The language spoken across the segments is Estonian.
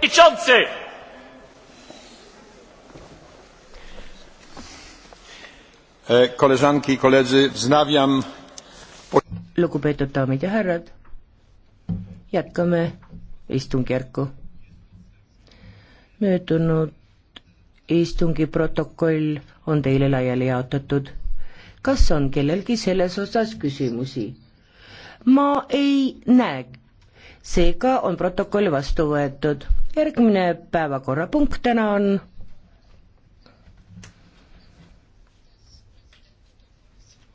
przewodniczący! E, koleżanki i koledzy, wznawiam. Lugupeetud daamid ja härrad, jätkame istungjärku. möödunud istungi protokoll on teile laiali jaotatud. kas on kellelgi selles osas küsimusi? ma ei näe seega on protokoll vastu võetud järgmine päevakorrapunkt täna on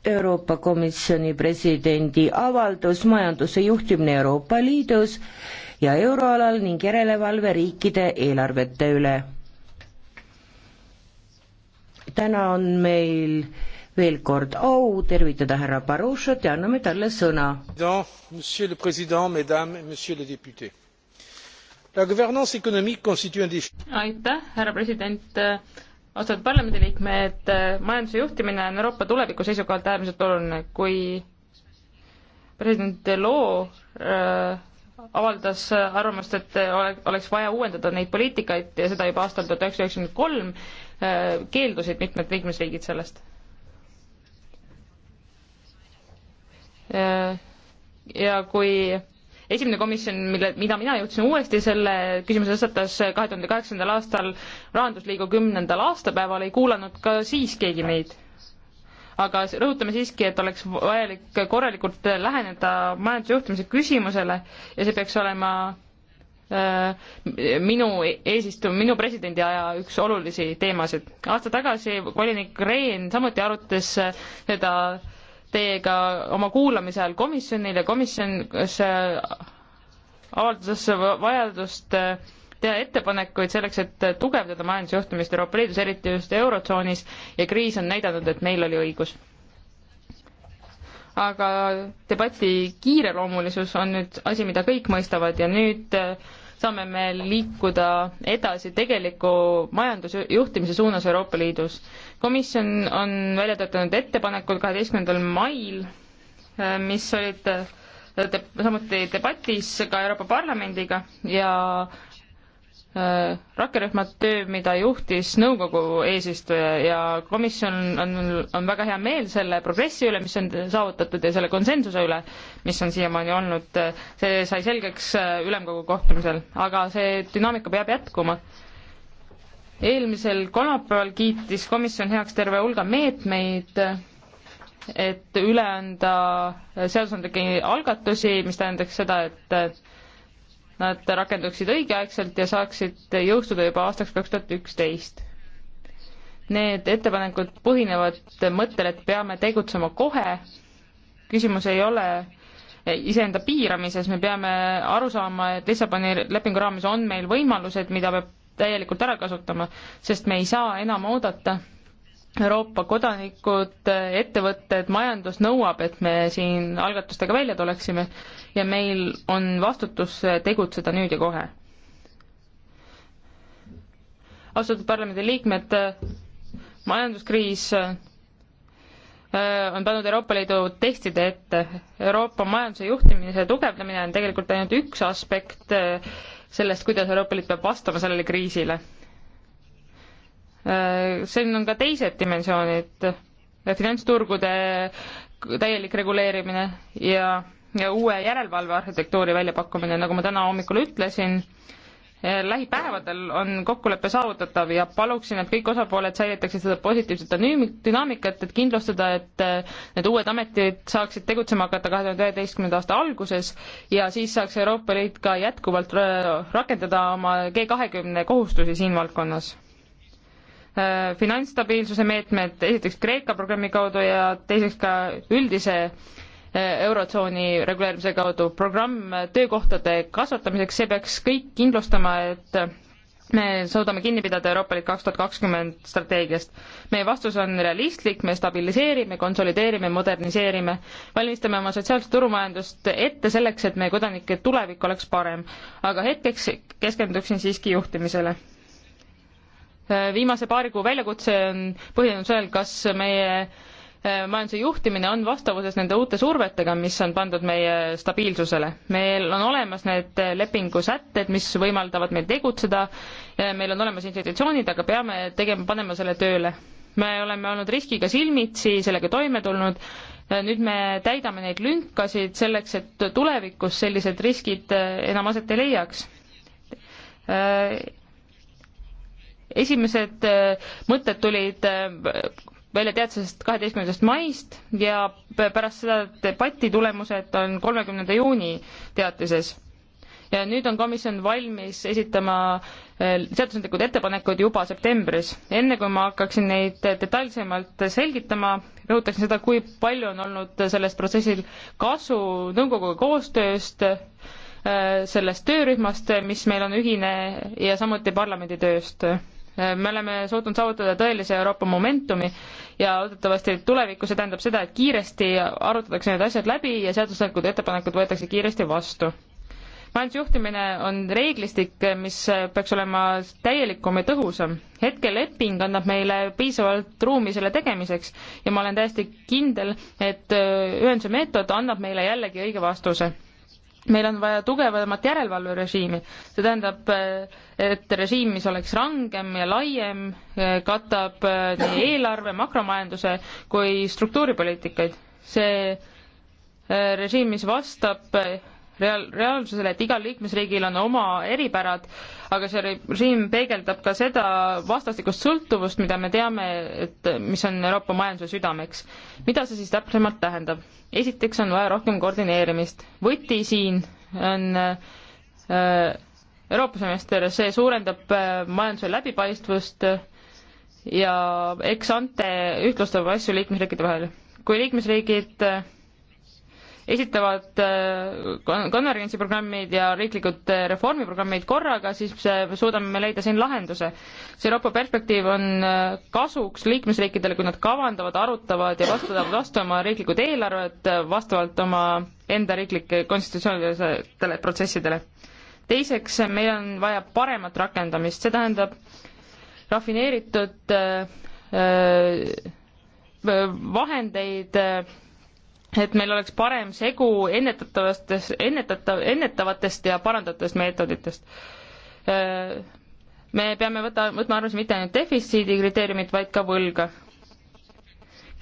Euroopa Komisjoni presidendi avaldus majanduse juhtimine Euroopa Liidus ja euroalal ning järelevalve riikide eelarvete üle. täna on meil veel kord au tervitada härra Baruchot ja anname talle sõna. president, monsieur le president, mesdames, monsieur le député La gouvernance économique constitue un défi. aitäh, härra president, austatud parlamendiliikmed, majanduse juhtimine on Euroopa tuleviku seisukohalt äärmiselt oluline, kui president Delors äh, avaldas arvamust, et oleks vaja uuendada neid poliitikaid ja seda juba aastal tuhat üheksasada üheksakümmend kolm, äh, keeldusid mitmed liikmesriigid sellest. Äh, ja kui esimene komisjon, mille, mida mina juhtisin uuesti, selle küsimuse tõstatas eh, kahe tuhande kaheksandal aastal Rahandusliidu kümnendal aastapäeval, ei kuulanud ka siis keegi meid. aga rõhutame siiski, et oleks vajalik korralikult eh, läheneda majandusjuhtimise küsimusele ja see peaks olema eh, minu e-, eesistum-, minu presidendi aja üks olulisi teemasid. aasta tagasi volinik Rehn samuti arutas seda teiega oma kuulamise ajal komisjonil ja komisjonis äh, avalduses vajadust äh, teha ettepanekuid selleks, et äh, tugevdada majandusjuhtimist Euroopa Liidus, eriti just Eurotsoonis ja kriis on näidanud, et meil oli õigus. aga debati kiireloomulisus on nüüd asi, mida kõik mõistavad ja nüüd äh, saame me liikuda edasi tegeliku majandusjuhtimise suunas Euroopa Liidus. komisjon on välja töötanud ettepanekud kaheteistkümnendal mail, äh, mis olid äh, samuti debatis ka Euroopa Parlamendiga ja Äh, rakkerühma töö, mida juhtis nõukogu eesistuja ja komisjon on, on väga hea meel selle progressi üle, mis on saavutatud ja selle konsensuse üle, mis on siiamaani olnud. see sai selgeks äh, ülemkogu kohtumisel, aga see dünaamika peab jätkuma. eelmisel kolmapäeval kiitis komisjon heaks terve hulga meetmeid, et üle anda seadusandlikke algatusi, mis tähendaks seda, et nad rakenduksid õigeaegselt ja saaksid jõustuda juba aastaks kaks tuhat üksteist. Need ettepanekud põhinevad mõttel, et peame tegutsema kohe, küsimus ei ole iseenda piiramises, me peame aru saama, et Lissaboni lepingu raames on meil võimalused, mida peab täielikult ära kasutama, sest me ei saa enam oodata Euroopa kodanikud, ettevõtted, majandus nõuab, et me siin algatustega välja tuleksime ja meil on vastutus tegutseda nüüd ja kohe. austatud parlamendi liikmed, majanduskriis äh, on pannud Euroopa Liidu testide ette. Euroopa majanduse juhtimise tugevdamine on tegelikult ainult üks aspekt äh, sellest, kuidas Euroopa Liit peab vastama sellele kriisile Äh, siin on ka teised dimensioonid, finantsturgude täielik reguleerimine ja, ja uue järelevalvearhitektuuri väljapakkumine, nagu ma täna hommikul ütlesin, äh, lähipäevadel on kokkulepe saavutatav ja paluksin, et kõik osapooled säilitaksid seda positiivset dünaamikat, et kindlustada, et äh, need uued ametid saaksid tegutsema hakata kahe tuhande üheteistkümnenda aasta alguses ja siis saaks Euroopa Liit ka jätkuvalt rakendada oma G kahekümne kohustusi siin valdkonnas. Äh, finantsstabiilsuse meetmed, esiteks Kreeka programmi kaudu ja teiseks ka üldise äh, Eurotsooni reguleerimise kaudu programm äh, töökohtade kasvatamiseks, see peaks kõik kindlustama, et me suudame kinni pidada Euroopa Liit kaks tuhat kakskümmend strateegiast. meie vastus on realistlik, me stabiliseerime, konsolideerime, moderniseerime, valmistame oma sotsiaalset turumajandust ette selleks, et meie kodanike tulevik oleks parem. aga hetkeks keskenduksin siiski juhtimisele Äh, viimase paari kuu väljakutse on põhinenud sellel, kas meie äh, majanduse juhtimine on vastavuses nende uute survetega, mis on pandud meie stabiilsusele. meil on olemas need äh, lepingu sätted, mis võimaldavad meil tegutseda, meil on olemas institutsioonid, aga peame tegema, panema selle tööle. me oleme olnud riskiga silmitsi, sellega toime tulnud, nüüd me täidame neid lünkasid selleks, et tulevikus sellised riskid enam aset ei leiaks esimesed äh, mõtted tulid äh, välja teadusest kaheteistkümnendast maist ja pärast seda debati tulemused on kolmekümnenda juuni teatises. ja nüüd on komisjon valmis esitama äh, seadusandlikud ettepanekud juba septembris. enne kui ma hakkaksin neid detailsemalt selgitama, rõhutaksin seda, kui palju on olnud selles protsessil kasu nõukoguga koostööst, sellest töörühmast, mis meil on ühine ja samuti parlamendi tööst me oleme suutnud saavutada tõelise Euroopa momentumi ja loodetavasti tulevikus see tähendab seda, et kiiresti arutatakse need asjad läbi ja seaduslikud ettepanekud võetakse kiiresti vastu. majandusjuhtimine on reeglistik, mis peaks olema täielikum ja tõhusam. hetkel leping annab meile piisavalt ruumi selle tegemiseks ja ma olen täiesti kindel, et ühenduse meetod annab meile jällegi õige vastuse meil on vaja tugevamat järelevalverežiimi, see tähendab, et režiim, mis oleks rangem ja laiem, katab nii eelarve, makromajanduse kui struktuuripoliitikaid. see režiim, mis vastab reaal-, reaalsusele, et igal liikmesriigil on oma eripärad, aga see režiim peegeldab ka seda vastastikust sõltuvust, mida me teame, et mis on Euroopa majanduse südameks. mida see siis täpsemalt tähendab? esiteks on vaja rohkem koordineerimist. võti siin on äh, Euroopa semester, see suurendab äh, majanduse läbipaistvust äh, ja eks ante ühtlustab asju liikmesriikide vahel. kui liikmesriigid äh, esitavad äh, konvergentsi programmid ja riiklikud äh, reformiprogrammid korraga, siis äh, suudame me leida siin lahenduse. see Euroopa perspektiiv on kasuks liikmesriikidele, kui nad kavandavad, arutavad ja vastavad vastu oma riiklikud eelarved vastavalt oma enda riiklike konstitutsioonilistele protsessidele. teiseks, meil on vaja paremat rakendamist, see tähendab rafineeritud vahendeid et meil oleks parem segu ennetatavatest, ennetatav, ennetavatest ja parandatavatest meetoditest. Äh, me peame võta, võtma arvesse mitte ainult defitsiidi kriteeriumit, vaid ka võlga.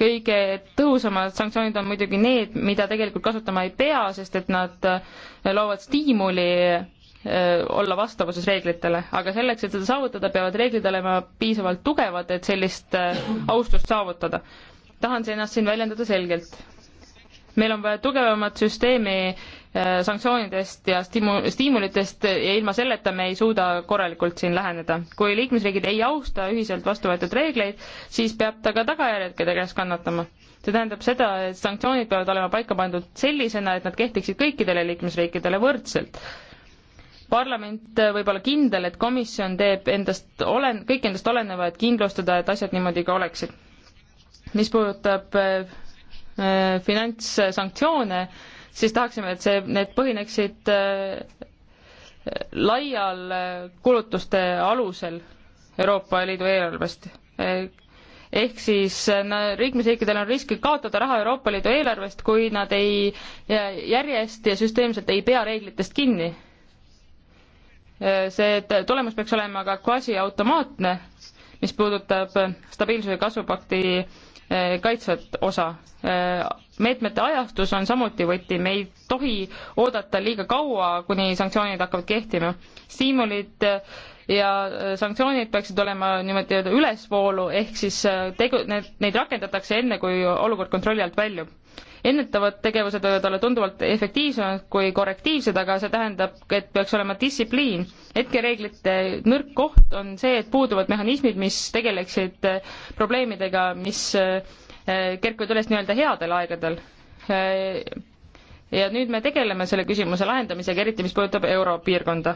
kõige tõhusamad sanktsioonid on muidugi need, mida tegelikult kasutama ei pea, sest et nad äh, loovad stiimuli äh, olla vastavuses reeglitele, aga selleks, et seda saavutada, peavad reeglid olema piisavalt tugevad, et sellist austust saavutada. tahan ennast siin väljendada selgelt meil on vaja tugevamat süsteemi äh, sanktsioonidest ja stimu-, stiimulitest ja ilma selleta me ei suuda korralikult siin läheneda. kui liikmesriigid ei austa ühiselt vastu võetud reegleid, siis peab ta ka tagajärgede käes kannatama. see tähendab seda, et sanktsioonid peavad olema paika pandud sellisena, et nad kehtiksid kõikidele liikmesriikidele võrdselt. parlament äh, võib olla kindel, et komisjon teeb endast olen-, kõik endast oleneva, et kindlustada, et asjad niimoodi ka oleksid. mis puudutab äh, Äh, finantssanktsioone, siis tahaksime, et see, need põhineksid äh, laial äh, kulutuste alusel Euroopa Liidu eelarvest. ehk siis na, liikmesriikidel on risk kaotada raha Euroopa Liidu eelarvest, kui nad ei, järjest ja süsteemselt ei pea reeglitest kinni. see tulemus peaks olema ka quasi automaatne, mis puudutab stabiilsuse kasvupakti kaitsvat osa. meetmete ajastus on samuti võti, me ei tohi oodata liiga kaua, kuni sanktsioonid hakkavad kehtima. stiimulid ja sanktsioonid peaksid olema niimoodi öelda ülesvoolu, ehk siis tegu, need, neid rakendatakse enne, kui olukord kontrolli alt väljub ennetavad tegevused võivad olla tunduvalt efektiivsemad kui korrektiivsed, aga see tähendab, et peaks olema distsipliin. hetkereeglite nõrk koht on see, et puuduvad mehhanismid, mis tegeleksid äh, probleemidega, mis äh, kerkivad üles nii-öelda headel aegadel äh, ja nüüd me tegeleme selle küsimuse lahendamisega, eriti mis puudutab europiirkonda.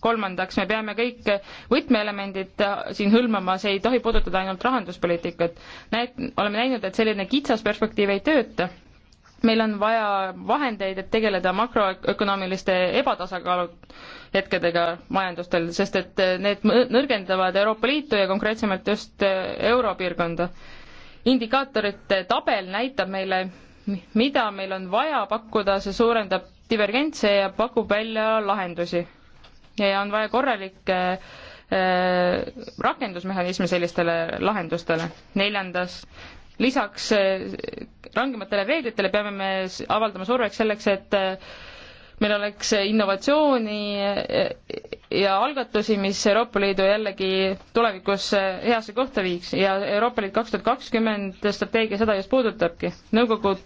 kolmandaks, me peame kõik võtmeelemendid siin hõlmama, see ei tohi puudutada ainult rahanduspoliitikat. näed, oleme näinud, et selline kitsas perspektiiv ei tööta meil on vaja vahendeid, et tegeleda makroökonoomiliste ebatasakaalu hetkedega majandustel, sest et need nõrgendavad Euroopa Liitu ja konkreetsemalt just äh, Europiirkonda. indikaatorite tabel näitab meile, mida meil on vaja pakkuda, see suurendab divergentse ja pakub välja lahendusi. ja on vaja korralikke äh, rakendusmehhanisme sellistele lahendustele. neljandas, lisaks eh, rangematele reeglitele peame me avaldama surveks selleks, et eh, meil oleks innovatsiooni eh, ja algatusi, mis Euroopa Liidu jällegi tulevikus heasse kohta viiks ja Euroopa Liit kaks tuhat kakskümmend strateegia seda just puudutabki. nõukogu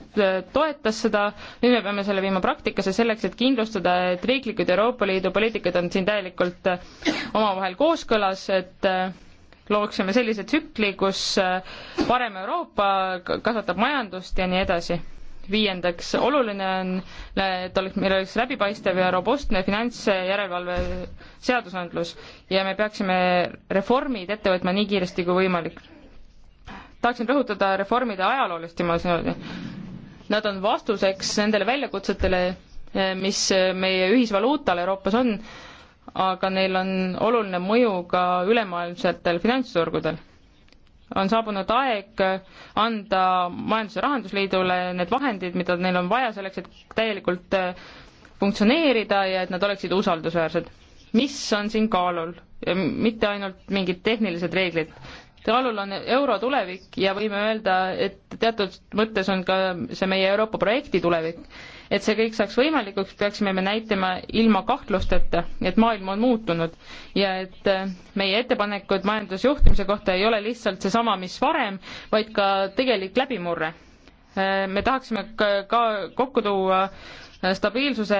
toetas seda, nüüd me peame selle viima praktikasse selleks, et kindlustada, et riiklikud Euroopa Liidu poliitikad on siin täielikult omavahel kooskõlas, et looksime sellise tsükli, kus äh, parem Euroopa kasvatab majandust ja nii edasi. viiendaks, oluline on, äh, et oleks, meil oleks läbipaistev ja robustne finantsjärelevalve seadusandlus ja me peaksime reformid ette võtma nii kiiresti kui võimalik. tahaksin rõhutada reformide ajaloolist dimensiooni. Nad on vastuseks nendele väljakutsetele, äh, mis meie ühisvaluutal Euroopas on aga neil on oluline mõju ka ülemaailmsetel finantsturgudel. on saabunud aeg anda Majandus- ja Rahandusliidule need vahendid, mida neil on vaja selleks, et täielikult eh, funktsioneerida ja et nad oleksid usaldusväärsed. mis on siin kaalul? mitte ainult mingid tehnilised reeglid. kaalul on euro tulevik ja võime öelda, et teatud mõttes on ka see meie Euroopa projekti tulevik et see kõik saaks võimalikuks, peaksime me näitama ilma kahtlusteta, et maailm on muutunud ja et äh, meie ettepanekud majandusjuhtimise kohta ei ole lihtsalt seesama, mis varem, vaid ka tegelik läbimurre. Äh, me tahaksime ka, ka kokku tuua äh, stabiilsuse,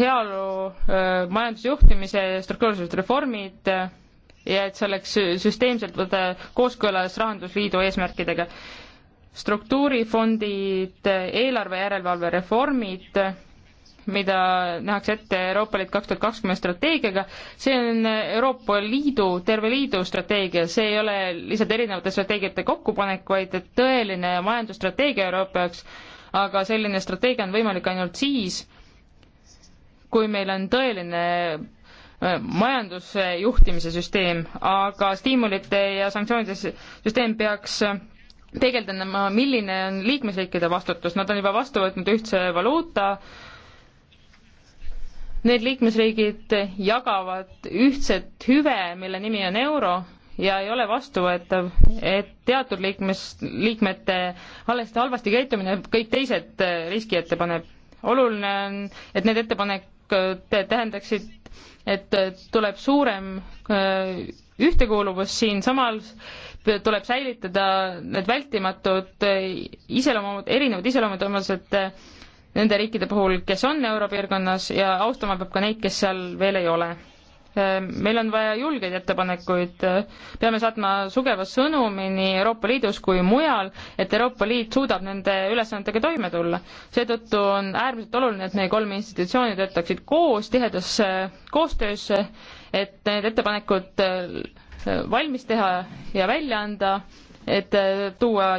heaolu, majandusjuhtimise, struktuursed reformid ja et see oleks süsteemselt kooskõlas Rahandusliidu eesmärkidega struktuurifondid, eelarve järelevalve reformid, mida nähakse ette Euroopa Liit kaks tuhat kakskümmend strateegiaga, see on Euroopa Liidu, terve liidu strateegia, see ei ole lihtsalt erinevate strateegiate kokkupanek, vaid tõeline majandusstrateegia Euroopa jaoks, aga selline strateegia on võimalik ainult siis, kui meil on tõeline äh, majandusjuhtimise süsteem, aga stiimulite ja sanktsioonide süsteem peaks peegeldama, milline on liikmesriikide vastutus, nad on juba vastu võtnud ühtse valuuta, need liikmesriigid jagavad ühtset hüve, mille nimi on euro, ja ei ole vastuvõetav, et teatud liikmes, liikmete alles halvasti käitumine kõik teised äh, riski ette paneb. oluline on, et need ettepanekud tähendaksid, et äh, tuleb suurem äh, ühtekuuluvus siinsamas tuleb säilitada need vältimatud iseloomud, erinevad iseloomutunnused eh, nende riikide puhul, kes on Europiirkonnas ja austama peab ka neid, kes seal veel ei ole. Eh, meil on vaja julgeid ettepanekuid, peame saatma sugeva sõnumi nii Euroopa Liidus kui mujal, et Euroopa Liit suudab nende ülesannetega toime tulla. seetõttu on äärmiselt oluline, et meie kolm institutsiooni töötaksid koos, tihedas koostöös, et need ettepanekud eh, valmis teha ja välja anda, et äh, tuua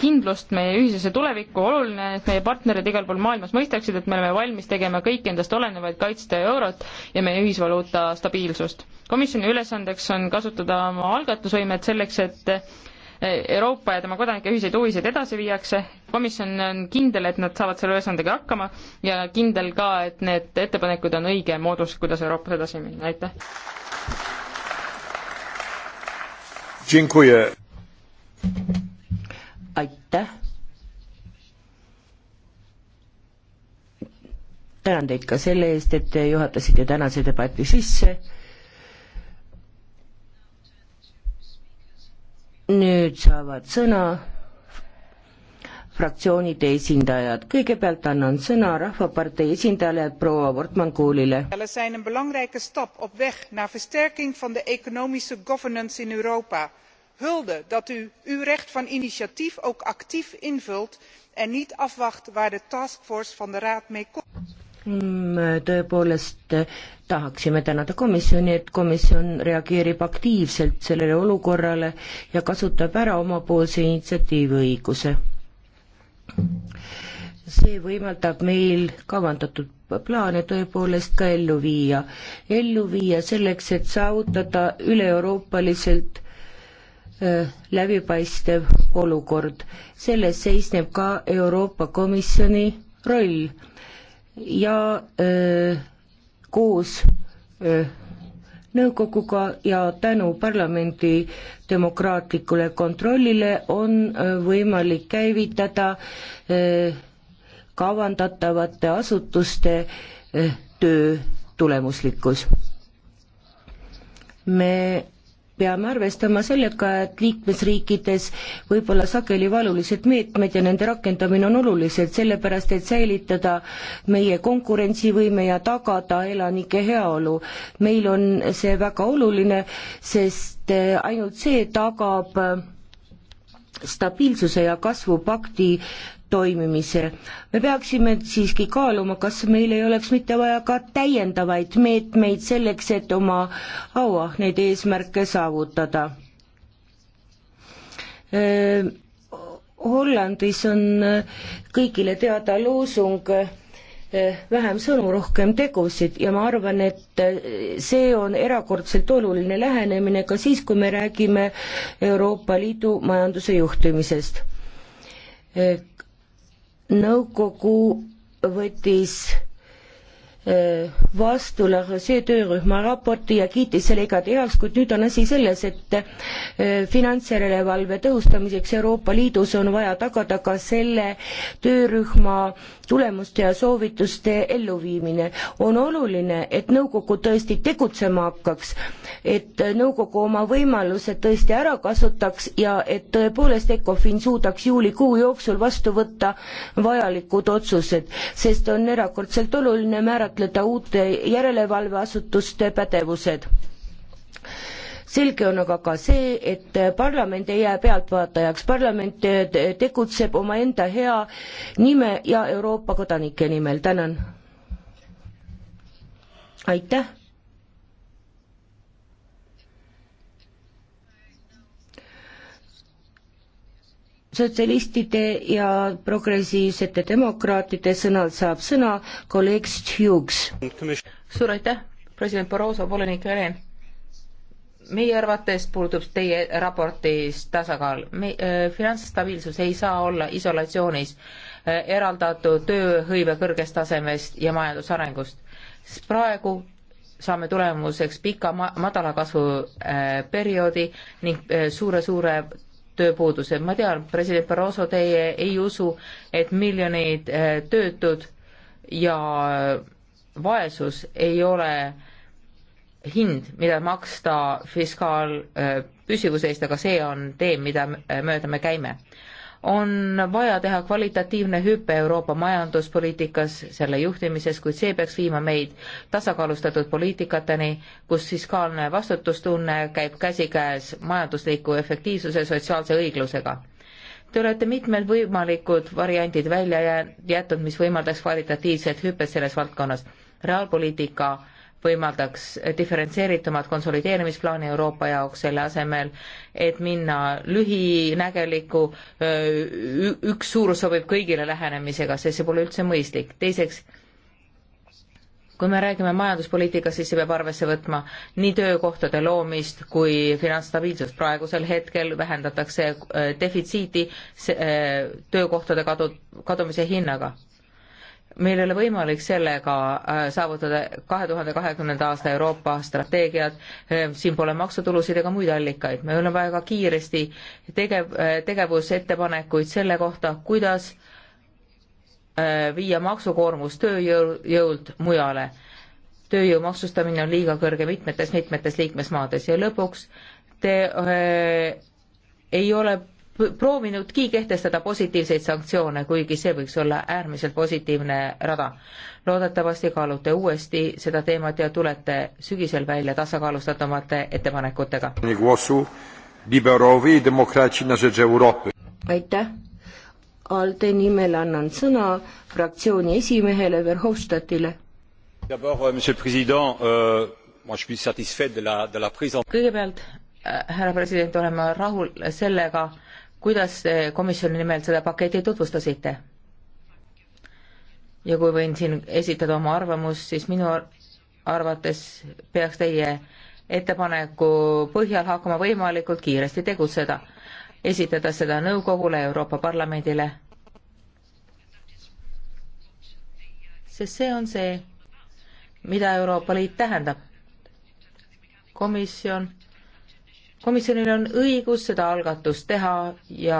kindlust meie ühisesse tulevikku, oluline, et meie partnerid igal pool maailmas mõistaksid, et me oleme valmis tegema kõik endast olenevaid kaitsta eurot ja meie ühisvaluuta stabiilsust. komisjoni ülesandeks on kasutada oma algatusvõimet selleks, et äh, Euroopa ja tema kodanike ühiseid huvisid edasi viiakse, komisjon on kindel, et nad saavad selle ülesandega hakkama ja kindel ka, et need ettepanekud on õige moodus, kuidas Euroopas edasi minna, aitäh! aitäh. tänan teid ka selle eest, et te juhatasite tänase debati sisse. nüüd saavad sõna fraktsioonide esindajad. kõigepealt annan sõna Rahvapartei esindajale proua Wortmann-Koolile. zijn een belangrijke stap op weg naar versterking van de economische governance in Europa. Hulde dat u uw recht van initiatief ook actief invult en niet afwacht waar de taskforce van de raad mee komt me mm, tõepoolest eh, tahaksime tänada komisjoni, et komisjon reageerib aktiivselt sellele olukorrale ja kasutab ära omapoolse initsiatiiviõiguse see võimaldab meil kavandatud plaane tõepoolest ka ellu viia. ellu viia selleks, et saavutada üle-euroopaliselt äh, läbipaistev olukord. selles seisneb ka Euroopa Komisjoni roll ja öö, äh, koos öö, äh, nõukoguga ja tänu parlamendi demokraatlikule kontrollile on äh, võimalik käivitada äh, kavandatavate asutuste äh, töö tulemuslikkus. me peame arvestama sellega, et liikmesriikides võib-olla sageli valulised meetmed ja nende rakendamine on olulised, sellepärast et säilitada meie konkurentsivõime ja tagada elanike heaolu. meil on see väga oluline, sest ainult see tagab stabiilsuse ja kasvu pakti toimimise. me peaksime siiski kaaluma, kas meil ei oleks mitte vaja ka täiendavaid meetmeid selleks, et oma auahneid eesmärke saavutada. Hollandis on kõigile teada loosung vähem sõnu, rohkem tegusid ja ma arvan, et see on erakordselt oluline lähenemine ka siis, kui me räägime Euroopa Liidu majanduse juhtimisest nõukogu võttis Äh, vastu Larosee töörühma raporti ja kiitis selle igati heaks, kuid nüüd on asi selles, et äh, finantsjärelevalve tõhustamiseks Euroopa Liidus on vaja tagada ka selle töörühma tulemuste ja soovituste elluviimine. on oluline, et nõukogu tõesti tegutsema hakkaks, et nõukogu oma võimalused tõesti ära kasutaks ja et tõepoolest ECOFIN suudaks juulikuu jooksul vastu võtta vajalikud otsused, sest on erakordselt oluline määrata määratleda uute järelevalveasutuste pädevused selge on aga ka see, et parlament ei jää pealtvaatajaks, parlament tegutseb omaenda hea nime ja Euroopa kodanike nimel, tänan. aitäh sotsialistide ja progressiivsete demokraatide sõnal saab sõna kolleeg Hughes. suur aitäh, president Barroso, volinik Helen. meie arvates puudub teie raportis tasakaal. me äh,, finantsstabiilsus ei saa olla isolatsioonis äh, eraldatud tööhõive kõrgest tasemest ja majandusarengust. praegu saame tulemuseks pika ma madala kasvu äh, perioodi ning suure-suure äh, tööpuuduse. ma tean, president Barroso, teie ei usu, et miljoneid äh, töötud ja vaesus ei ole hind, mida maksta fiskaalpüsivuse äh, eest, aga see on tee, mida äh, mööda me käime on vaja teha kvalitatiivne hüpe Euroopa majanduspoliitikas, selle juhtimises, kuid see peaks viima meid tasakaalustatud poliitikateni, kus fiskaalne vastutustunne käib käsikäes majandusliku efektiivsuse sotsiaalse õiglusega. Te olete mitmed võimalikud variandid välja jätnud, mis võimaldaks kvalitatiivset hüpet selles valdkonnas. reaalpoliitika võimaldaks diferentseeritumat konsolideerimisplaani Euroopa jaoks selle asemel, et minna lühinägeliku, üks suurus sobib kõigile lähenemisega, sest see pole üldse mõistlik. teiseks, kui me räägime majanduspoliitikast, siis see peab arvesse võtma nii töökohtade loomist kui finantsstabiilsust. praegusel hetkel vähendatakse defitsiiti töökohtade kadu, kadumise hinnaga meil ei ole võimalik sellega äh, saavutada kahe tuhande kahekümnenda aasta Euroopa strateegiat, äh, siin pole maksutulusid ega muid allikaid, meil on vaja ka kiiresti tegev, äh, tegevusettepanekuid selle kohta, kuidas viia maksukoormus tööjõult mujale. tööjõu maksustamine on liiga kõrge mitmetes, mitmetes liikmesmaades ja lõpuks te öö, ei ole proovinudki kehtestada positiivseid sanktsioone, kuigi see võiks olla äärmiselt positiivne rada. loodetavasti kaalute uuesti seda teemat ja tulete sügisel välja tasakaalustatumate ettepanekutega. aitäh. ALDE nimel annan sõna fraktsiooni esimehele Verhofstadtile. Euh, euh, kõigepealt, äh, härra president, olen ma rahul sellega, kuidas te komisjoni nimel seda paketi tutvustasite? ja kui võin siin esitada oma arvamust, siis minu arvates peaks teie ettepaneku põhjal hakkama võimalikult kiiresti tegutseda, esitada seda nõukogule, Euroopa Parlamendile. sest see on see, mida Euroopa Liit tähendab. komisjon komisjonil on õigus seda algatust teha ja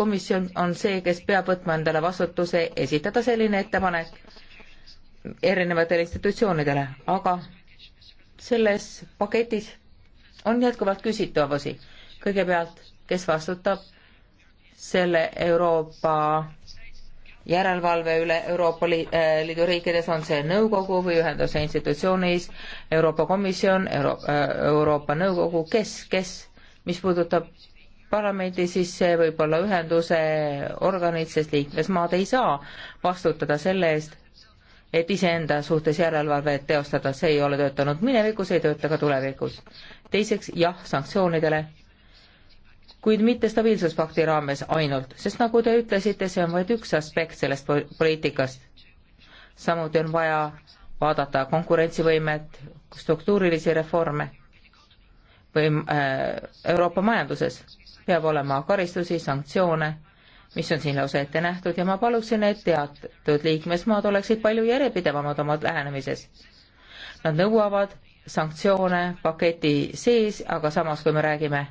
komisjon on see, kes peab võtma endale vastutuse esitada selline ettepanek erinevatele institutsioonidele, aga selles paketis on jätkuvalt küsitavusi. kõigepealt, kes vastutab selle Euroopa järelevalve üle Euroopa äh, Liidu riikides, on see nõukogu või ühenduse institutsioonis, Euroopa Komisjon Euro, äh, Euroopa Nõukogu, kes, kes, mis puudutab parlamendi, siis see võib olla ühenduse organid, sest liikmesmaad ei saa vastutada selle eest, et iseenda suhtes järelevalvet teostada, see ei ole töötanud minevikus, ei tööta ka tulevikus. teiseks, jah sanktsioonidele kuid mitte stabiilsuspakti raames ainult, sest nagu te ütlesite, see on vaid üks aspekt sellest poliitikast. samuti on vaja vaadata konkurentsivõimet, struktuurilisi reforme või äh, Euroopa majanduses peab olema karistusi, sanktsioone, mis on siin lausa ette nähtud ja ma paluksin, et teatud liikmesmaad oleksid palju järjepidevamad oma lähenemises. Nad nõuavad sanktsioone paketi sees, aga samas, kui me räägime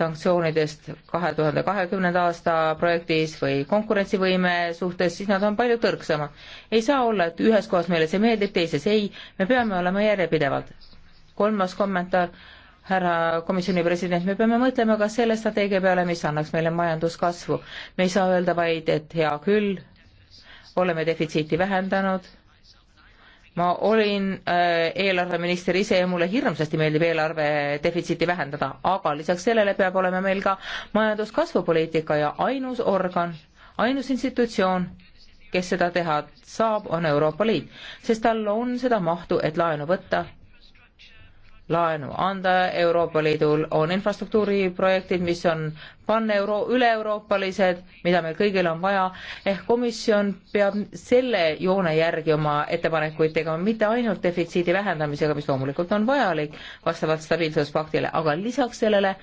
sanktsioonidest kahe tuhande kahekümnenda aasta projektis või konkurentsivõime suhtes, siis nad on palju tõrksamad. ei saa olla, et ühes kohas meile see meeldib, teises ei, me peame olema järjepidevad. kolmas kommentaar, härra komisjoni president, me peame mõtlema ka selle strateegia peale, mis annaks meile majanduskasvu. me ei saa öelda vaid, et hea küll, oleme defitsiiti vähendanud ma olin äh, eelarveminister ise ja mulle hirmsasti meeldib eelarve defitsiiti vähendada, aga lisaks sellele peab olema meil ka majanduskasvupoliitika ja ainus organ, ainus institutsioon, kes seda teha saab, on Euroopa Liit, sest tal on seda mahtu, et laenu võtta laenu anda, Euroopa Liidul on infrastruktuuriprojektid, mis on pan-euro-, üle-euroopalised, mida meil kõigil on vaja, ehk komisjon peab selle joone järgi oma ettepanekuid tegema, mitte ainult defitsiidi vähendamisega, mis loomulikult on vajalik vastavalt stabiilsuspaktile, aga lisaks sellele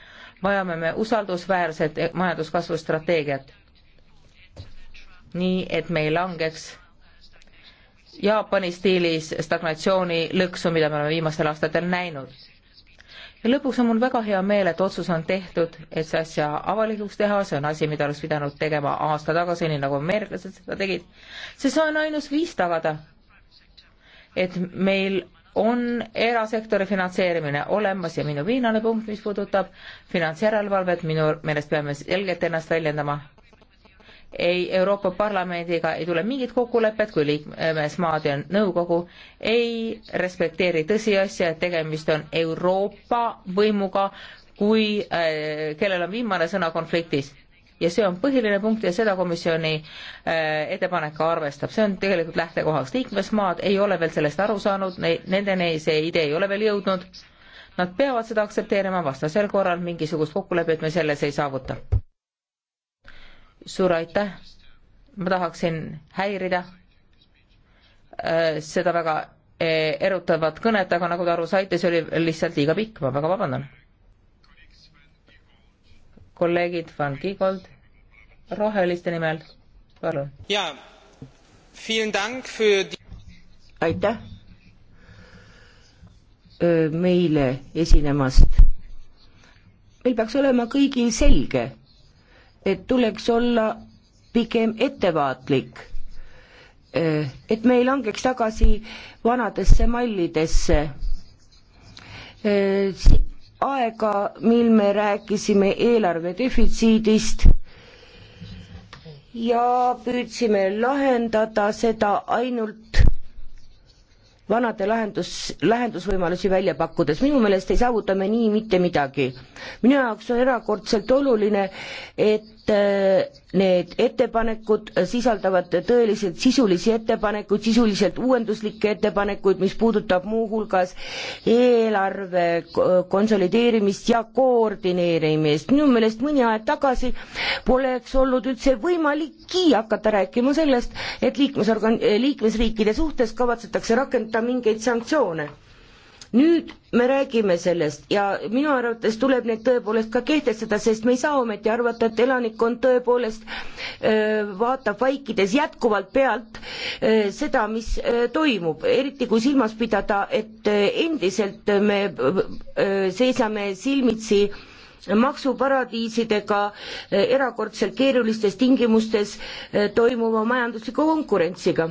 vajame me usaldusväärset majanduskasvu strateegiat. nii, et me ei langeks Jaapani stiilis stagnatsiooni lõksu, mida me oleme viimastel aastatel näinud. ja lõpuks on mul väga hea meel, et otsus on tehtud, et see asja avalikuks teha, see on asi, mida oleks pidanud tegema aasta tagasi, nii nagu ameeriklased seda tegid, sest see on ainus viis tagada, et meil on erasektori finantseerimine olemas ja minu viimane punkt, mis puudutab finantsjärelevalvet, minu meelest peame selgelt ennast väljendama ei Euroopa Parlamendiga ei tule mingit kokkulepet, kui liikmesmaad ja nõukogu ei respekteeri tõsiasja, et tegemist on Euroopa võimuga, kui äh,, kellel on viimane sõna konfliktis. ja see on põhiline punkt ja seda komisjoni äh, ettepanek ka arvestab, see on tegelikult lähtekohaks, liikmesmaad ei ole veel sellest aru saanud, nendeni see idee ei ole veel jõudnud, nad peavad seda aktsepteerima, vastasel korral mingisugust kokkulepet me selles ei saavuta suur aitäh, ma tahaksin häirida äh, seda väga äh, erutavat kõnet, aga nagu te aru saite, see oli lihtsalt liiga pikk, ma väga vabandan. kolleegid Van Kigold roheliste nimel, palun. jaa, aitäh meile esinemast. meil peaks olema kõigil selge et tuleks olla pigem ettevaatlik, et me ei langeks tagasi vanadesse mallidesse. aega, mil me rääkisime eelarve defitsiidist ja püüdsime lahendada seda ainult vanade lahendus, lahendusvõimalusi välja pakkudes, minu meelest ei saavuta me nii mitte midagi. minu jaoks on erakordselt oluline, et äh, need ettepanekud sisaldavad tõeliselt sisulisi ettepanekuid, sisuliselt uuenduslikke ettepanekuid, mis puudutab muuhulgas eelarve konsolideerimist ja koordineerimist. minu meelest mõni aeg tagasi poleks olnud üldse võimalikki hakata rääkima sellest, et liikmesorgan-, liikmesriikide suhtes kavatsetakse rakendada kehtesta mingeid sanktsioone. nüüd me räägime sellest ja minu arvates tuleb need tõepoolest ka kehtestada, sest me ei saa ometi arvata, et elanikkond tõepoolest öö, vaatab vaikides jätkuvalt pealt öö, seda, mis öö, toimub, eriti kui silmas pidada, et öö, endiselt me öö, seisame silmitsi öö, maksuparadiisidega erakordselt keerulistes tingimustes toimuva majandusliku konkurentsiga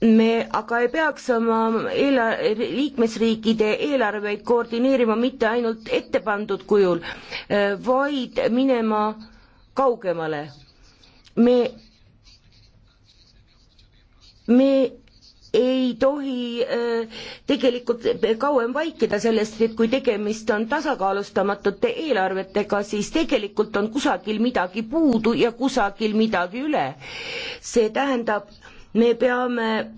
me aga ei peaks oma eela-, liikmesriikide eelarveid koordineerima mitte ainult ette pandud kujul, äh, vaid minema kaugemale. me, me ei tohi äh, tegelikult kauem vaikida sellest, et kui tegemist on tasakaalustamatute eelarvetega, siis tegelikult on kusagil midagi puudu ja kusagil midagi üle. see tähendab, me peame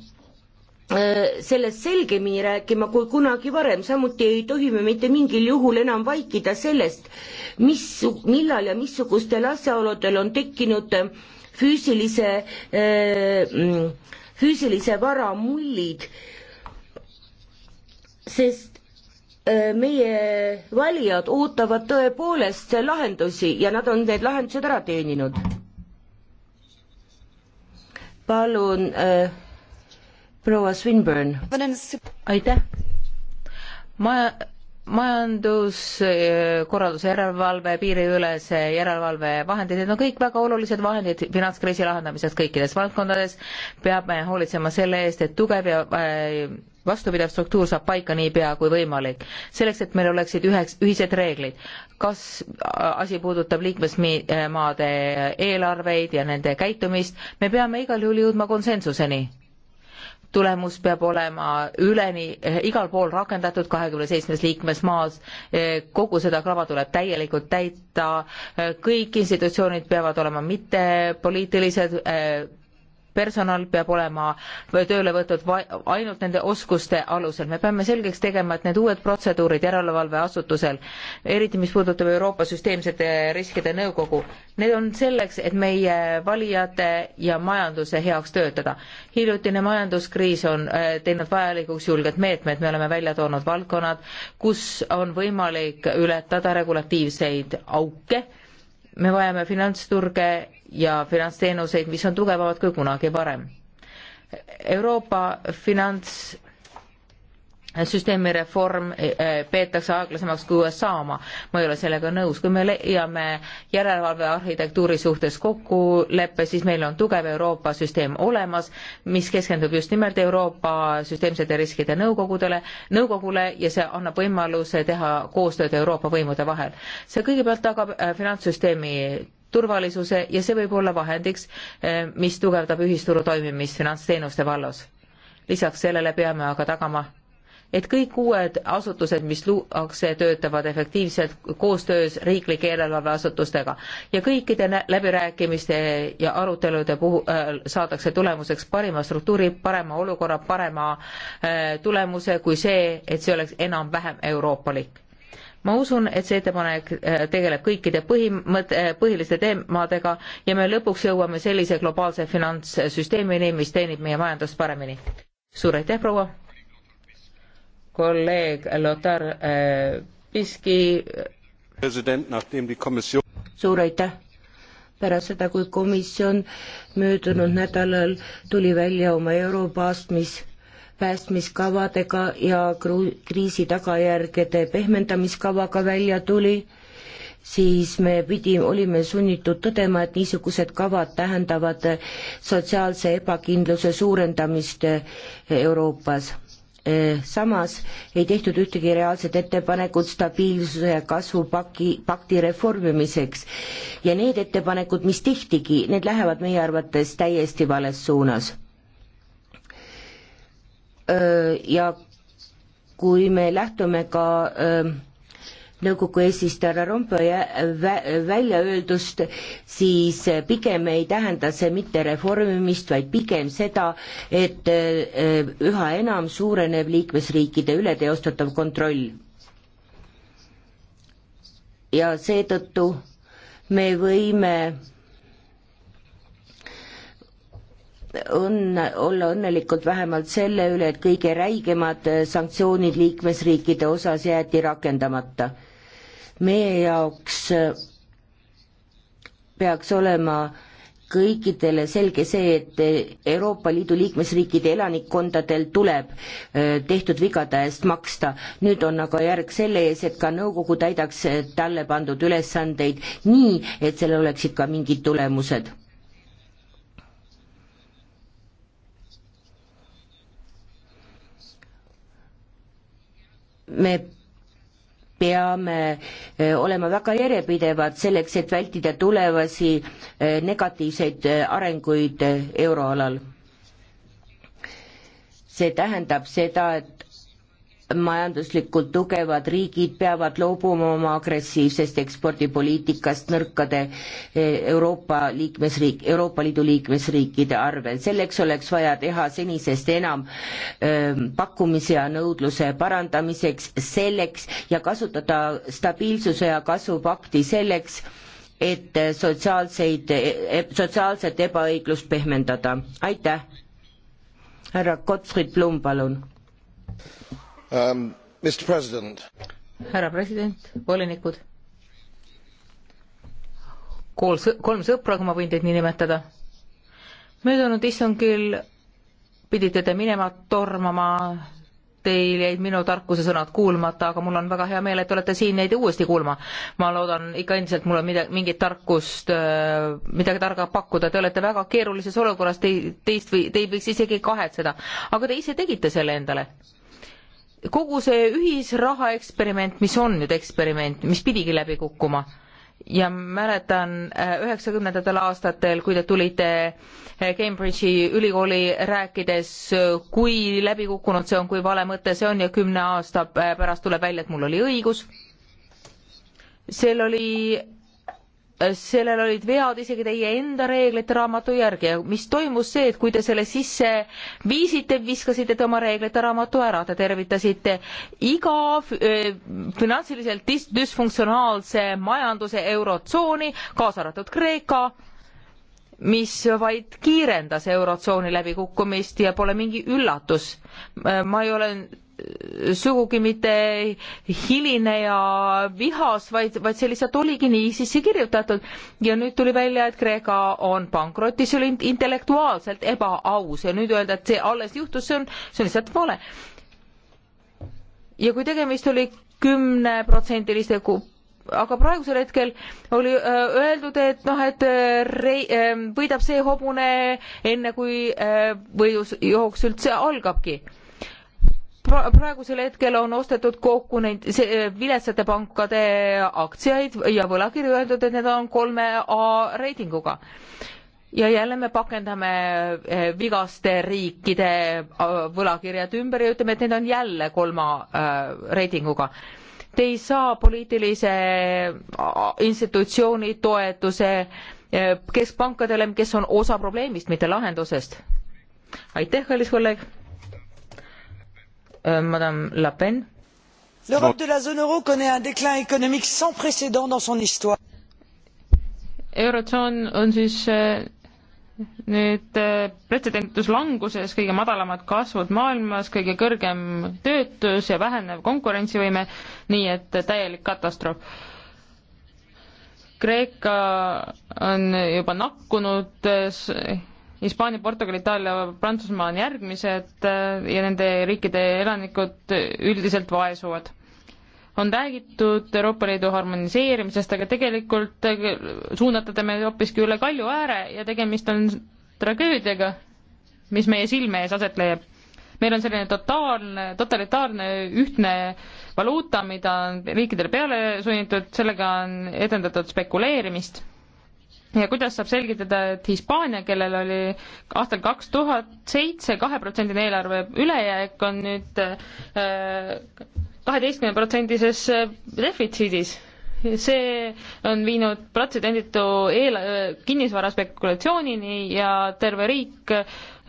äh, sellest selgemini rääkima kui kunagi varem, samuti ei tohi me mitte mingil juhul enam vaikida sellest, mis, millal ja missugustel asjaoludel on tekkinud äh, füüsilise, äh, mm, füüsilise vara mullid, sest meie valijad ootavad tõepoolest lahendusi ja nad on need lahendused ära teeninud palun äh, proua Swinburne. aitäh. ma majandus, korralduse järelevalve, piiriülese järelevalve vahendid, need on kõik väga olulised vahendid finantskriisi lahendamiseks kõikides valdkondades. peame hoolitsema selle eest, et tugev ja äh, vastupidav struktuur saab paika niipea kui võimalik, selleks et meil oleksid üheks, ühised reeglid. kas asi puudutab liikmesmaade eelarveid ja nende käitumist, me peame igal juhul jõudma konsensuseni tulemus peab olema üleni eh, igal pool rakendatud kahekümne seitsmes liikmesmaas. Eh, kogu seda kava tuleb täielikult täita, eh, kõik institutsioonid peavad olema mittepoliitilised, personal peab olema tööle võetud ainult nende oskuste alusel. me peame selgeks tegema, et need uued protseduurid järelevalveasutusel, eriti mis puudutab Euroopa Süsteemsete Riskide Nõukogu, need on selleks, et meie valijate ja majanduse heaks töötada. hiljutine majanduskriis on äh, teinud vajalikuks julged meetmed, me oleme välja toonud valdkonnad, kus on võimalik ületada regulatiivseid auke me vajame finantsturge ja finantsteenuseid, mis on tugevamad kui kunagi varem. Euroopa finants süsteemi reform eh, eh, peetakse aeglasemaks kui USA oma. ma ei ole sellega nõus. kui me leiame järelevalve arhitektuuri suhtes kokkuleppe, siis meil on tugev Euroopa süsteem olemas, mis keskendub just nimelt Euroopa süsteemsete riskide nõukogudele, nõukogule ja see annab võimaluse teha koostööd Euroopa võimude vahel. see kõigepealt tagab eh, finantssüsteemi turvalisuse ja see võib olla vahendiks, mis tugevdab ühisturu toimimist finantsteenuste vallas. lisaks sellele peame aga tagama et kõik uued asutused, mis luuakse, töötavad efektiivselt koostöös riiklike järelevalveasutustega ja kõikide läbirääkimiste ja arutelude puhul äh, saadakse tulemuseks parima struktuuri, parema olukorra, parema äh, tulemuse kui see, et see oleks enam-vähem euroopalik ma usun, et see ettepanek äh, tegeleb kõikide põhimõt-, äh, põhiliste teemadega ja me lõpuks jõuame sellise globaalse finantssüsteemini, mis teenib meie majandust paremini. suur aitäh, proua! kolleeg Lothar äh, Piski. suur aitäh! pärast seda, kui komisjon möödunud nädalal tuli välja oma europäästmis, päästmiskavadega ja kru-, kriisi tagajärgede pehmendamiskavaga välja tuli, siis me pidi, olime sunnitud tõdema, et niisugused kavad tähendavad sotsiaalse ebakindluse suurendamist Euroopas Äh, samas ei tehtud ühtegi reaalset ettepanekut stabiilsuse kasvupaki, pakti reformimiseks. ja need ettepanekud, mis tehtigi, need lähevad meie arvates täiesti vales suunas. Äh, ja kui me lähtume ka öö, äh, nõukogu eesistuja härra Rompuy väljaöeldust, siis pigem ei tähenda see mitte reformimist, vaid pigem seda, et äh, üha enam suureneb liikmesriikide üle teostatav kontroll. ja seetõttu me võime on, olla õnnelikud vähemalt selle üle, et kõige räigemad sanktsioonid liikmesriikide osas jäeti rakendamata meie jaoks äh, peaks olema kõikidele selge see, et äh, Euroopa Liidu liikmesriikide elanikkondadel tuleb äh, tehtud vigade eest maksta. nüüd on aga järg selle ees, et ka nõukogu täidaks talle pandud ülesandeid nii, et sellel oleksid ka mingid tulemused. me peame eh, olema väga järjepidevad selleks, et vältida tulevasi eh, negatiivseid eh, arenguid euroalal. see tähendab seda, et majanduslikult tugevad riigid peavad loobuma oma agressiivsest ekspordipoliitikast nõrkade eh, Euroopa liikmesriik, Euroopa Liidu liikmesriikide arvel. selleks oleks vaja teha senisest enam öö, eh, pakkumise ja nõudluse parandamiseks, selleks ja kasutada stabiilsuse ja kasvupakti selleks, et sotsiaalseid, eh, sotsiaalset ebaõiglust pehmendada. aitäh! härra Gottfried Blum, palun! um,. härra president, volinikud, kolm sõpra, kui ma võin teid nii nimetada. möödunud istungil pidite te minema tormama, teil jäid minu tarkuse sõnad kuulmata, aga mul on väga hea meel, et olete siin, jäite uuesti kuulma. ma loodan ikka endiselt, mul on mida, mingit tarkust, äh, midagi targa pakkuda, te olete väga keerulises olukorras, te, teist või, teid võiks isegi kahetseda. aga te ise tegite selle endale kogu see ühisraha eksperiment, mis on nüüd eksperiment, mis pidigi läbi kukkuma ja mäletan äh, üheksakümnendatel aastatel, kui te tulite äh, Cambridge'i ülikooli rääkides, äh, kui läbikukkunud see on, kui vale mõte see on ja kümne aasta pärast tuleb välja, et mul oli õigus. seal oli sellel olid vead isegi teie enda reeglite raamatu järgi ja mis toimus see, et kui te selle sisse viisite, viskasite te oma reeglite raamatu ära, te tervitasite iga äh, finantsiliselt dis düsfunktsionaalse majanduse eurotsooni, kaasa arvatud Kreeka, mis vaid kiirendas eurotsooni läbikukkumist ja pole mingi üllatus. Äh, ma ei ole sugugi mitte hiline ja vihas, vaid, vaid see lihtsalt oligi nii sisse kirjutatud. ja nüüd tuli välja, et Kreeka on pankrotis, see oli intellektuaalselt ebaaus ja nüüd öelda, et see alles juhtus, see on, see on lihtsalt vale. ja kui tegemist oli kümneprotsendiliste aga praegusel hetkel oli äh, öeldud, et noh, et äh, rei-, äh, võidab see hobune enne, kui võidujooks üldse algabki praegusel hetkel on ostetud kokku neid eh, viletsate pankade aktsiaid ja võlakirju öeldud, et need on kolme A reitinguga. ja jälle me pakendame eh, vigaste riikide eh, võlakirjad ümber ja ütleme, et need on jälle kolma A reitinguga. Te ei saa poliitilise institutsiooni toetuse keskpankadele, kes on osa probleemist, mitte lahendusest. aitäh, kallis kolleeg Euh, madame Le Pen. L'Europe de la zone euro connaît un déclin économique sans précédent dans son histoire. Eurotsoon on siis äh, nüüd äh, pretsedentus languses, kõige madalamad kasvud maailmas, kõige kõrgem töötus ja vähenev konkurentsivõime, nii et täielik katastroof. Kreeka on juba nakkunud äh, Hispaania, Portugal, Itaalia, Prantsusmaa on järgmised äh, ja nende riikide elanikud üldiselt vaesuvad. on räägitud Euroopa Liidu harmoniseerimisest, aga tegelikult äh, suunate te meid hoopiski üle kalju ääre ja tegemist on tragöödiaga, mis meie silme ees aset leiab. meil on selline totaalne, totalitaarne ühtne valuuta, mida on riikidele peale sunnitud, sellega on edendatud spekuleerimist ja kuidas saab selgitada, et Hispaania, kellel oli aastal kaks tuhat seitse kaheprotsendine eelarve ülejääk, on nüüd äh, kaheteistkümneprotsendises äh, defitsiidis? see on viinud pretsedenditu eel-, äh, kinnisvaraspekulatsioonini ja terve riik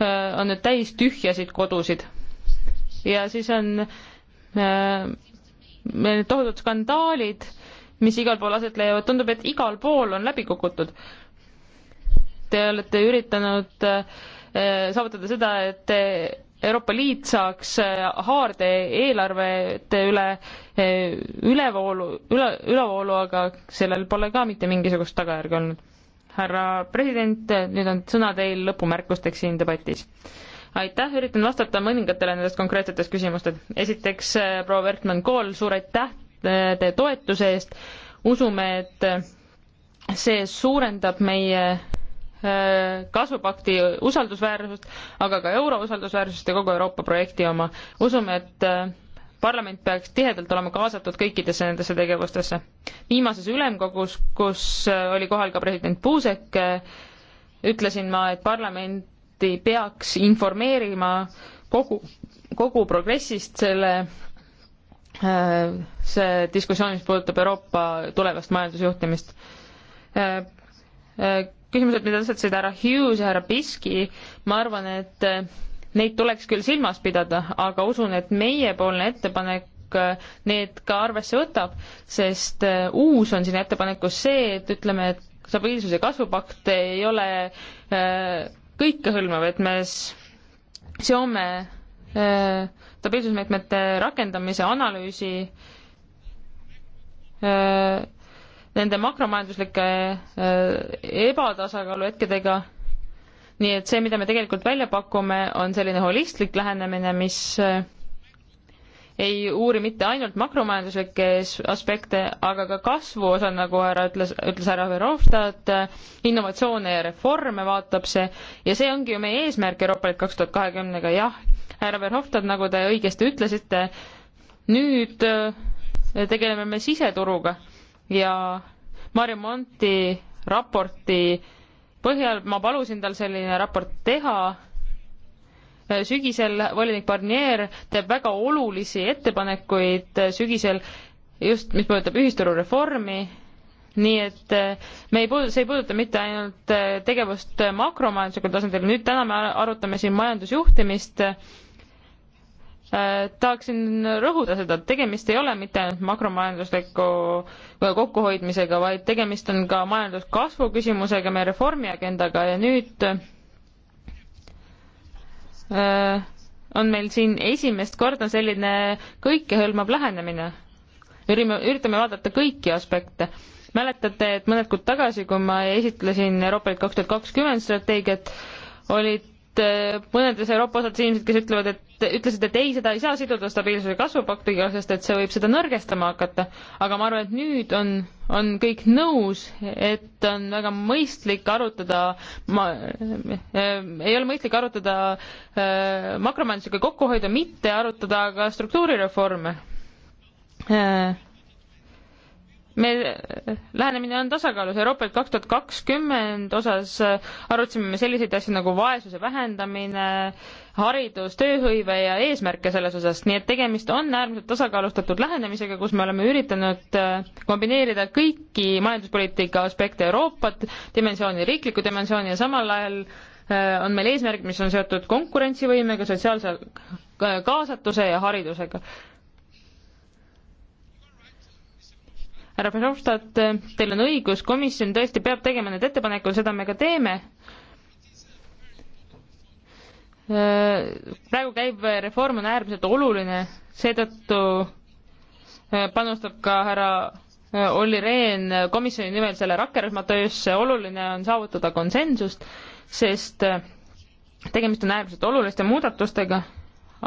on nüüd täis tühjasid kodusid. ja siis on meil need tohutud skandaalid mis igal pool aset leiavad, tundub, et igal pool on läbi kukutud. Te olete üritanud eh, saavutada seda, et Euroopa Liit saaks eh, haarde eelarvete üle eh, ülevoolu, üle, ülevoolu, aga sellel pole ka mitte mingisugust tagajärge olnud. härra president, nüüd on sõna teil lõpumärkusteks siin debatis aitäh, üritan vastata mõningatele nendest konkreetsetest küsimustest. esiteks proua Wertmann-Kool, suur aitäh liikmete toetuse eest. usume, et see suurendab meie äh, kasvupakti usaldusväärsust, aga ka euro usaldusväärsust ja kogu Euroopa projekti oma. usume, et äh, parlament peaks tihedalt olema kaasatud kõikidesse nendesse tegevustesse. viimases ülemkogus, kus äh, oli kohal ka president Puusek, ütlesin ma, et parlamenti peaks informeerima kogu, kogu progressist selle Äh, see diskussioon, mis puudutab Euroopa tulevast majandusjuhtimist. Äh, äh, küsimused, mida tõstatasid härra Hughes ja härra Biski, ma arvan, et neid tuleks küll silmas pidada, aga usun, et meiepoolne ettepanek need ka arvesse võtab, sest uus on siin ettepanekus see, et ütleme, et stabiilsuse kasvupakt ei ole kõikehõlmav, et me seome Äh, stabiilsusmeetmete rakendamise analüüsi äh, nende makromajanduslike äh, ebatasakaalu hetkedega. nii et see, mida me tegelikult välja pakume, on selline holistlik lähenemine, mis ei uuri mitte ainult makromajanduslikke aspekte, aga ka kasvu osa, nagu härra ütles, ütles härra Verhofstadt, innovatsioone ja reforme vaatab see ja see ongi ju meie eesmärk Euroopa Liit kaks tuhat kahekümnega, jah härra Verhofstadt, nagu te õigesti ütlesite, nüüd äh, tegeleme me siseturuga ja Marju Monti raporti põhjal ma palusin tal selline raport teha. Äh, sügisel volinik Barnier teeb väga olulisi ettepanekuid äh, sügisel just, mis puudutab ühisturu reformi, nii et me ei puuduta, see ei puuduta mitte ainult tegevust makromajanduslikul tasandil, nüüd täna me arutame siin majandusjuhtimist Äh, tahaksin rõhuda seda, et tegemist ei ole mitte ainult makromajandusliku äh, kokkuhoidmisega, vaid tegemist on ka majanduskasvu küsimusega, meie reformi agendaga ja nüüd äh, on meil siin esimest korda selline kõikehõlmav lähenemine. ürime, üritame vaadata kõiki aspekte. mäletate, et mõned kuud tagasi, kui ma esitlesin Euroopa Liit kaks tuhat kakskümmend strateegiat, olid Äh, mõnedes Euroopa osades inimesed, kes ütlevad, et ütlesid, et ei, seda ei saa siduda stabiilsuse kasvupaktiga, sest et see võib seda nõrgestama hakata. aga ma arvan, et nüüd on, on kõik nõus, et on väga mõistlik arutada, ma äh,, ei ole mõistlik arutada äh, makromajanduslikku kokkuhoidu, mitte arutada ka struktuurireforme äh, me, lähenemine on tasakaalus, Euroopa Liit kaks tuhat kakskümmend osas äh, arutasime me selliseid asju nagu vaesuse vähendamine, haridus, tööhõive ja eesmärke selles osas, nii et tegemist on äärmiselt tasakaalustatud lähenemisega, kus me oleme üritanud äh, kombineerida kõiki majanduspoliitika aspekte Euroopat, dimensiooni, riiklikku dimensiooni ja samal ajal äh, on meil eesmärk, mis on seotud konkurentsivõimega, sotsiaalse kaasatuse ja haridusega härra Verhofstadt, teil on õigus, komisjon tõesti peab tegema need ettepanekud, seda me ka teeme. Äh, praegu käiv reform on äärmiselt oluline, seetõttu äh, panustab ka härra äh, Olli Rehn komisjoni nimel selle rakkerühma töösse, oluline on saavutada konsensust, sest tegemist on äärmiselt oluliste muudatustega,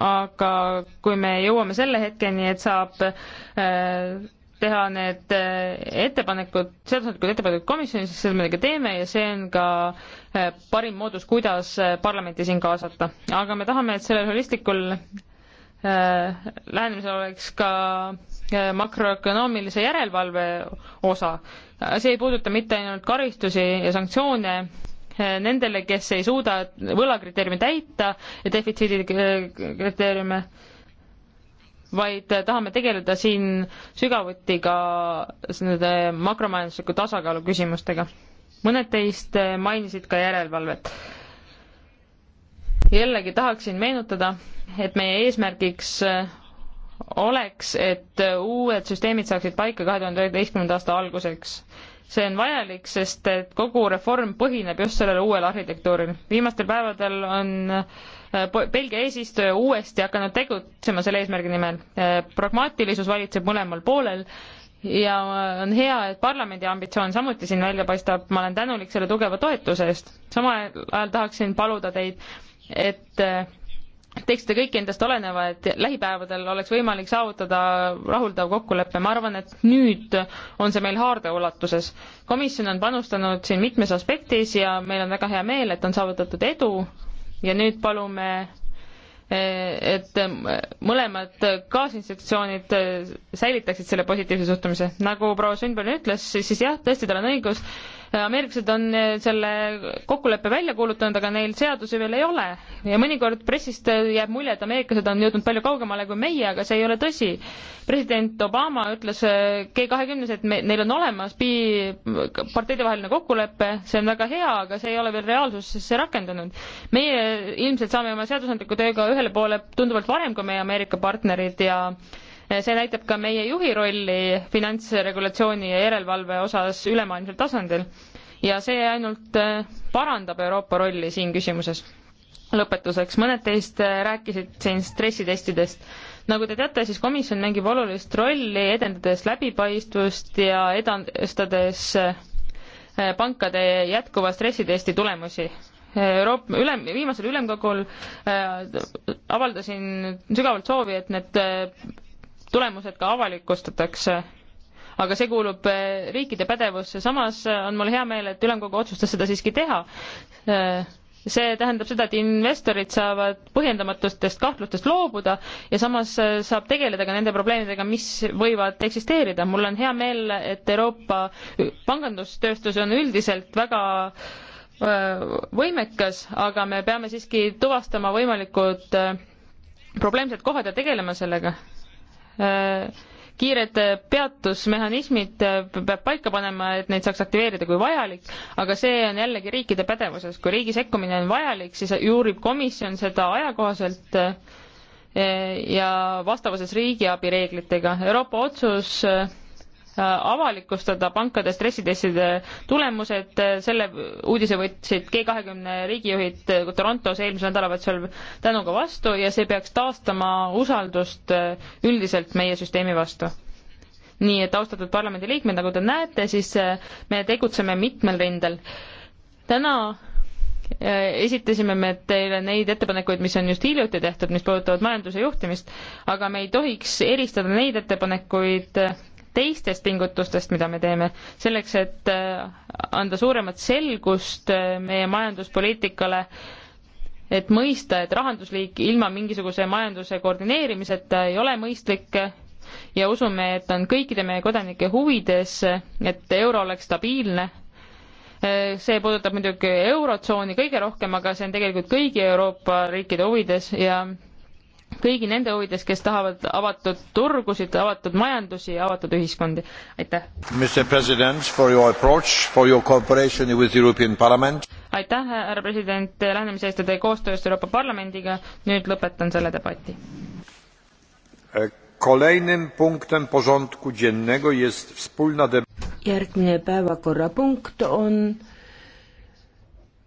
aga kui me jõuame selle hetkeni, et saab teha need äh, ettepanekud, seadusandlikud ettepanekud komisjonis, siis seda me ka teeme ja see on ka äh, parim moodus, kuidas äh, parlamenti siin kaasata. aga me tahame, et sellel holistlikul lähenemisel oleks ka makroökonoomilise järelevalve osa. see ei puuduta mitte ainult karistusi ja sanktsioone, nendele, kes ei suuda võlakriteeriumi täita ja defitsiidi kriteeriume äh,, vaid tahame tegeleda siin sügavuti ka nende makromajandusliku tasakaalu küsimustega. mõned teist mainisid ka järelevalvet. jällegi tahaksin meenutada, et meie eesmärgiks oleks, et uued süsteemid saaksid paika kahe tuhande üheteistkümnenda aasta alguseks. see on vajalik, sest et kogu reform põhineb just sellel uuel arhitektuuril. viimastel päevadel on äh, Belgia eesistuja uuesti hakanud tegutsema selle eesmärgi nimel. Eh, pragmaatilisus valitseb mõlemal poolel ja on hea, et parlamendi ambitsioon samuti siin välja paistab, ma olen tänulik selle tugeva toetuse eest. samal ajal tahaksin paluda teid, et eh, teeksite kõik endast oleneva, et lähipäevadel oleks võimalik saavutada rahuldav kokkulepe, ma arvan, et nüüd on see meil haarde ulatuses. komisjon on panustanud siin mitmes aspektis ja meil on väga hea meel, et on saavutatud edu, ja nüüd palume eh, et eh, mõlemad kaasinstitutsioonid eh, säilitaksid selle positiivse suhtumise. nagu proua Sundberg ütles, siis jah, tõesti, tal on õigus, ameeriklased on eh, selle kokkuleppe välja kuulutanud, aga neil seadusi veel ei ole. ja mõnikord pressist eh, jääb mulje, et ameeriklased on jõudnud palju kaugemale kui meie, aga see ei ole tõsi. president Obama ütles eh, G20-s, et me, neil on olemas pi-, parteidevaheline kokkulepe, see on väga hea, aga see ei ole veel reaalsusesse rakendunud. meie ilmselt saame oma seadusandliku tööga ühele poole tunduvalt varem kui meie Ameerika partnerid ja see näitab ka meie juhi rolli finantsregulatsiooni ja järelevalve osas ülemaailmsel tasandil ja see ainult äh, parandab Euroopa rolli siin küsimuses. lõpetuseks, mõned teist äh, rääkisid siin stressitestidest. nagu te teate, siis komisjon mängib olulist rolli, edendades läbipaistvust ja edastades äh, pankade jätkuva stressitesti tulemusi Euroopa ülem, viimasel ülemkogul äh, avaldasin sügavalt soovi, et need äh, tulemused ka avalikustatakse. aga see kuulub eh, riikide pädevusse, samas eh, on mul hea meel, et ülemkogu otsustas seda siiski teha. Eh, see tähendab seda, et investorid saavad põhjendamatutest kahtlustest loobuda ja samas saab tegeleda ka nende probleemidega, mis võivad eksisteerida. mul on hea meel, et Euroopa pangandustööstus on üldiselt väga võimekas, aga me peame siiski tuvastama võimalikud probleemsed kohad ja tegelema sellega Äh, kiired peatusmehhanismid äh, peab paika panema, et neid saaks aktiveerida, kui vajalik, aga see on jällegi riikide pädevuses. kui riigi sekkumine on vajalik, siis uurib komisjon seda ajakohaselt äh, ja vastavuses riigiabi reeglitega. Euroopa otsus Äh, avalikustada pankade stressitestide tulemused, äh, selle uudise võtsid G kahekümne riigijuhid äh, Torontos eelmisel nädalavahetusel tänuga vastu ja see peaks taastama usaldust üldiselt meie süsteemi vastu nii et austatud parlamendiliikmed, nagu te näete, siis me tegutseme mitmel rindel. täna esitasime me teile neid ettepanekuid, mis on just hiljuti tehtud, mis puudutavad majanduse juhtimist, aga me ei tohiks eristada neid ettepanekuid, teistest pingutustest, mida me teeme, selleks, et äh, anda suuremat selgust äh, meie majanduspoliitikale, et mõista, et rahandusliik ilma mingisuguse majanduse koordineerimiseta ei ole mõistlik äh, ja usume, et on kõikide meie kodanike huvides, et euro oleks stabiilne. see puudutab muidugi Eurotsooni kõige rohkem, aga see on tegelikult kõigi Euroopa riikide huvides ja kõigi nende huvides, kes tahavad avatud turgusid, avatud majandusi ja avatud ühiskondi. aitäh! aitäh, härra president, lähenemise eest ja teie koostööst Euroopa Parlamendiga, nüüd lõpetan selle debati. E, järgmine päevakorrapunkt on